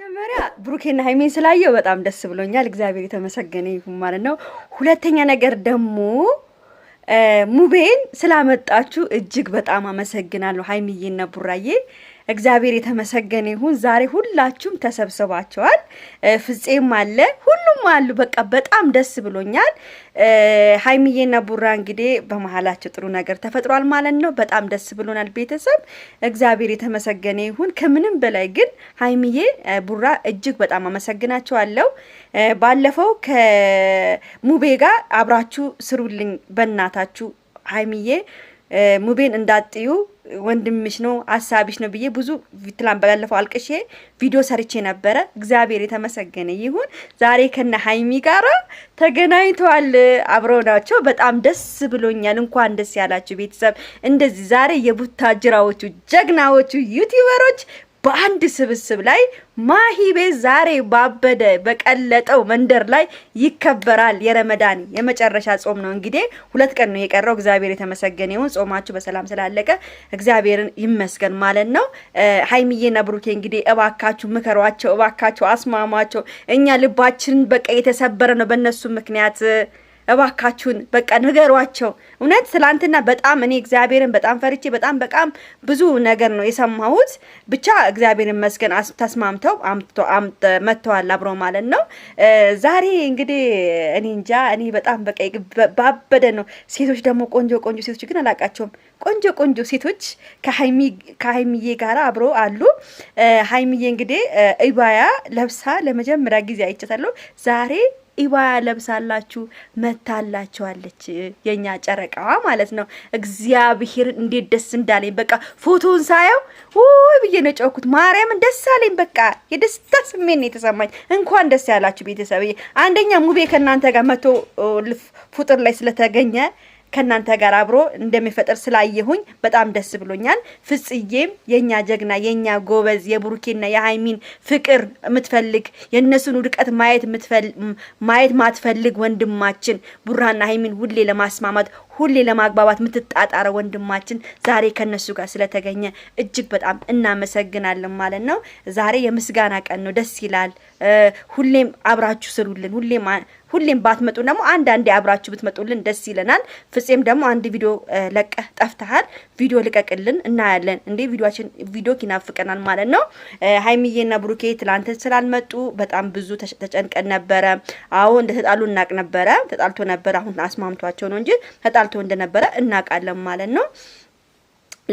መጀመሪያ ብሩኬና ሀይሜን ስላየው በጣም ደስ ብሎኛል። እግዚአብሔር የተመሰገነ ይሁን ማለት ነው። ሁለተኛ ነገር ደግሞ ሙቤን ስላመጣችሁ እጅግ በጣም አመሰግናለሁ ሀይሚዬና ቡራዬ እግዚአብሔር የተመሰገነ ይሁን። ዛሬ ሁላችሁም ተሰብስባችኋል። ፍፄም አለ፣ ሁሉም አሉ። በቃ በጣም ደስ ብሎኛል። ሀይሚዬና ቡራ እንግዲህ በመሀላቸው ጥሩ ነገር ተፈጥሯል ማለት ነው። በጣም ደስ ብሎናል። ቤተሰብ እግዚአብሔር የተመሰገነ ይሁን። ከምንም በላይ ግን ሀይሚዬ፣ ቡራ እጅግ በጣም አመሰግናቸዋለሁ። ባለፈው ከሙቤ ጋር አብራችሁ ስሩልኝ በእናታችሁ ሀይሚዬ ሙቤን እንዳጥዩ ወንድምሽ ነው አሳቢሽ ነው ብዬ ብዙ ትላን በላለፈው አልቅሼ ቪዲዮ ሰርቼ ነበረ። እግዚአብሔር የተመሰገነ ይሁን። ዛሬ ከነ ሀይሚ ጋር ተገናኝተዋል። አብረው ናቸው። በጣም ደስ ብሎኛል። እንኳን ደስ ያላችሁ ቤተሰብ። እንደዚህ ዛሬ የቡታ ጅራዎቹ ጀግናዎቹ ዩቲዩበሮች በአንድ ስብስብ ላይ ማሂቤ ዛሬ ባበደ በቀለጠው መንደር ላይ ይከበራል። የረመዳን የመጨረሻ ጾም ነው። እንግዲህ ሁለት ቀን ነው የቀረው። እግዚአብሔር የተመሰገነ ይሁን። ጾማችሁ በሰላም ስላለቀ እግዚአብሔርን ይመስገን ማለት ነው። ሀይሚዬና ብሩኬ እንግዲህ እባካችሁ ምከሯቸው፣ እባካችሁ አስማሟቸው። እኛ ልባችን በቃ የተሰበረ ነው በእነሱ ምክንያት እባካችሁን በቃ ንገሯቸው። እውነት ትላንትና በጣም እኔ እግዚአብሔርን በጣም ፈርቼ በጣም በጣም ብዙ ነገር ነው የሰማሁት። ብቻ እግዚአብሔር ይመስገን ተስማምተው መጥተዋል አብሮ ማለት ነው። ዛሬ እንግዲህ እኔ እንጃ እኔ በጣም በቃ ባበደ ነው። ሴቶች ደግሞ ቆንጆ ቆንጆ ሴቶች ግን አላቃቸውም። ቆንጆ ቆንጆ ሴቶች ከሀይሚዬ ጋር አብሮ አሉ። ሀይሚዬ እንግዲህ እባያ ለብሳ ለመጀመሪያ ጊዜ አይቻታለሁ ዛሬ ኢባያ ለብሳላችሁ መታላችኋለች። የኛ ጨረቃዋ ማለት ነው። እግዚአብሔር እንዴት ደስ እንዳለኝ በቃ ፎቶን ሳየው ውይ ብዬ ነው ጨውኩት። ማርያምን ደስ አለኝ። በቃ የደስታ ስሜት ነው የተሰማኝ። እንኳን ደስ ያላችሁ ቤተሰብዬ። አንደኛ ሙቤ ከእናንተ ጋር መቶ ልፍ ፉጥር ላይ ስለተገኘ ከእናንተ ጋር አብሮ እንደሚፈጥር ስላየሁኝ በጣም ደስ ብሎኛል። ፍጽዬም የእኛ ጀግና የእኛ ጎበዝ የቡሩኬና የሀይሚን ፍቅር የምትፈልግ የእነሱን ውድቀት ማየት ማየት ማትፈልግ ወንድማችን ቡራና ሀይሚን ሁሌ ለማስማማት ሁሌ ለማግባባት የምትጣጣረ ወንድማችን ዛሬ ከነሱ ጋር ስለተገኘ እጅግ በጣም እናመሰግናለን ማለት ነው። ዛሬ የምስጋና ቀን ነው። ደስ ይላል። ሁሌም አብራችሁ ስሩልን። ሁሌም ሁሌም ባትመጡ ደግሞ አንዳንዴ አብራችሁ ብትመጡልን ደስ ይለናል። ፍጼም ደግሞ አንድ ቪዲዮ ለቀህ ጠፍተሃል፣ ቪዲዮ ልቀቅልን እናያለን። እንዴ ቪዲዮችን ቪዲዮ ይናፍቀናል ማለት ነው። ሀይሚዬና ብሩኬ ትላንት ስላልመጡ በጣም ብዙ ተጨንቀን ነበረ። አዎ እንደተጣሉ እናቅ ነበረ። ተጣልቶ ነበረ። አሁን አስማምቷቸው ነው እንጂ ተጣል ተጣልቶ እንደነበረ እናውቃለን ማለት ነው።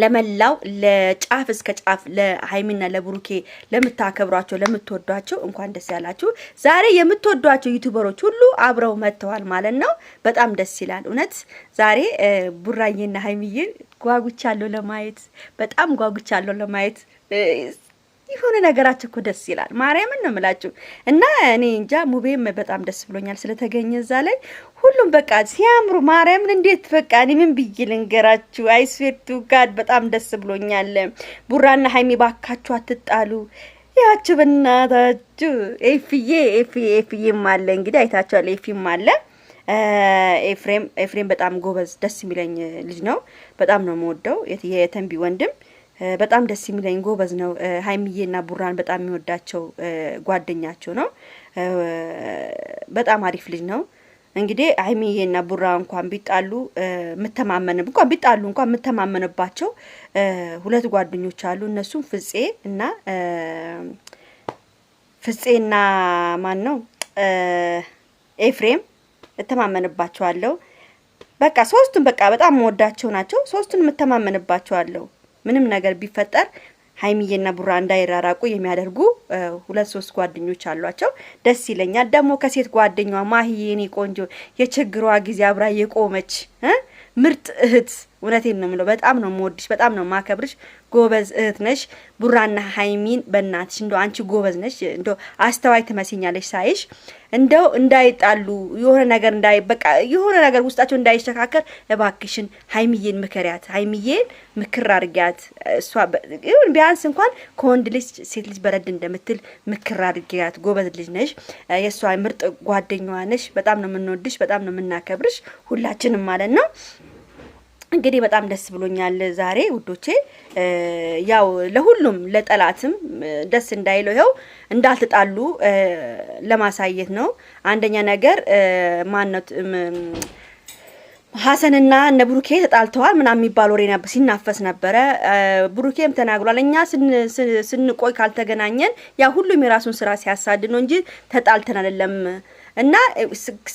ለመላው ለጫፍ እስከ ጫፍ ለሀይሚና ለብሩኬ ለምታከብሯቸው ለምትወዷቸው እንኳን ደስ ያላችሁ። ዛሬ የምትወዷቸው ዩቱበሮች ሁሉ አብረው መጥተዋል ማለት ነው። በጣም ደስ ይላል እውነት። ዛሬ ቡራዬና ሀይሚዬ ጓጉቻለሁ ለማየት በጣም ጓጉቻለሁ ለማየት የሆነ ነገራቸው እኮ ደስ ይላል። ማርያምን ነው የምላችሁ። እና እኔ እንጃ ሙቤም በጣም ደስ ብሎኛል ስለተገኘ እዛ ላይ ሁሉም በቃ ሲያምሩ ማርያምን እንዴት በቃ እኔ ምን ብዬ ልንገራችሁ? አይስዌቱ ጋድ በጣም ደስ ብሎኛል። ቡራና ሀይሚ ባካችሁ አትጣሉ ያች በናታችሁ ኤፍዬ ኤፍዬ ኤፍዬም አለ እንግዲህ አይታችኋል። ኤፊም አለ ኤፍሬም። ኤፍሬም በጣም ጎበዝ ደስ የሚለኝ ልጅ ነው። በጣም ነው የምወደው የተንቢ ወንድም በጣም ደስ የሚለኝ ጎበዝ ነው። ሀይሚዬና ቡራን በጣም የሚወዳቸው ጓደኛቸው ነው። በጣም አሪፍ ልጅ ነው። እንግዲህ ሀይሚዬና ቡራ እንኳን ቢጣሉ ምተማመን እንኳን ቢጣሉ እንኳን የምተማመንባቸው ሁለት ጓደኞች አሉ። እነሱም ፍጼ እና ፍጼና ማን ነው ኤፍሬም እተማመንባቸዋለሁ። በቃ ሶስቱን በቃ በጣም መወዳቸው ናቸው። ሶስቱን የምተማመንባቸዋለሁ። ምንም ነገር ቢፈጠር ሀይሚዬና ቡራ እንዳይራራቁ የሚያደርጉ ሁለት ሶስት ጓደኞች አሏቸው። ደስ ይለኛል። ደግሞ ከሴት ጓደኛዋ ማሂዬ የኔ ቆንጆ የችግሯ ጊዜ አብራ የቆመች ምርጥ እህት እውነቴን ነው የምለው። በጣም ነው የምወድሽ፣ በጣም ነው የማከብርሽ። ጎበዝ እህት ነሽ። ቡራና ሀይሚን በእናትሽ እንደው አንቺ ጎበዝ ነሽ፣ እንደው አስተዋይ ትመስኛለሽ ሳይሽ። እንደው እንዳይጣሉ የሆነ ነገር እንዳይ በቃ የሆነ ነገር ውስጣቸው እንዳይሸካከር እባክሽን ሀይሚዬን ምክሪያት፣ ሀይሚዬን ምክር አድርጊያት። እሷ ይሁን ቢያንስ እንኳን ከወንድ ልጅ ሴት ልጅ በረድ እንደምትል ምክር አድርጊያት። ጎበዝ ልጅ ነሽ፣ የእሷ ምርጥ ጓደኛዋ ነሽ። በጣም ነው የምንወድሽ፣ በጣም ነው የምናከብርሽ ሁላችንም ማለት ነው። እንግዲህ በጣም ደስ ብሎኛል ዛሬ ውዶቼ። ያው ለሁሉም ለጠላትም ደስ እንዳይለው ይኸው እንዳልትጣሉ ለማሳየት ነው። አንደኛ ነገር ማነት ሀሰንና እነ ብሩኬ ተጣልተዋል ምናምን የሚባል ወሬ ነበር ሲናፈስ ነበረ። ብሩኬም ተናግሯል። እኛ ስንቆይ ካልተገናኘን ያ ሁሉም የራሱን ስራ ሲያሳድ ነው እንጂ ተጣልተን አይደለም እና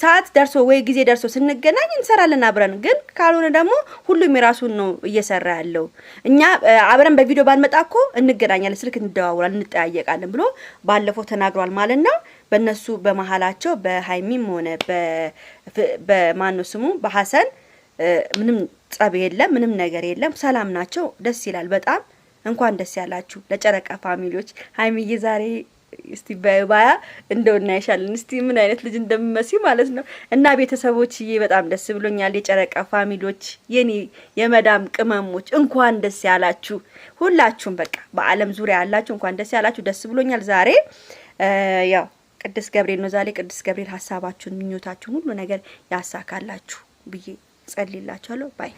ሰዓት ደርሶ ወይ ጊዜ ደርሶ ስንገናኝ እንሰራለን አብረን። ግን ካልሆነ ደግሞ ሁሉም የራሱን ነው እየሰራ ያለው። እኛ አብረን በቪዲዮ ባንመጣ እኮ እንገናኛለን፣ ስልክ እንደዋውላል፣ እንጠያየቃለን ብሎ ባለፈው ተናግሯል ማለት ነው። በእነሱ በመሀላቸው በሀይሚም ሆነ በማነው ስሙ በሀሰን ምንም ጸብ የለም፣ ምንም ነገር የለም። ሰላም ናቸው። ደስ ይላል በጣም። እንኳን ደስ ያላችሁ ለጨረቃ ፋሚሊዎች። ሀይሚዬ ዛሬ እስቲ በባያ እንደው እናይሻለን። እስቲ ምን አይነት ልጅ እንደምመሲ ማለት ነው። እና ቤተሰቦችዬ በጣም ደስ ብሎኛል። የጨረቃ ፋሚሊዎች፣ የኔ የመዳም ቅመሞች እንኳን ደስ ያላችሁ ሁላችሁም፣ በቃ በዓለም ዙሪያ ያላችሁ እንኳን ደስ ያላችሁ። ደስ ብሎኛል። ዛሬ ያው ቅዱስ ገብርኤል ነው። ዛሬ ቅዱስ ገብርኤል ሀሳባችሁን፣ ምኞታችሁን ሁሉ ነገር ያሳካላችሁ ብዬ ጸልይላችኋለሁ። ባይ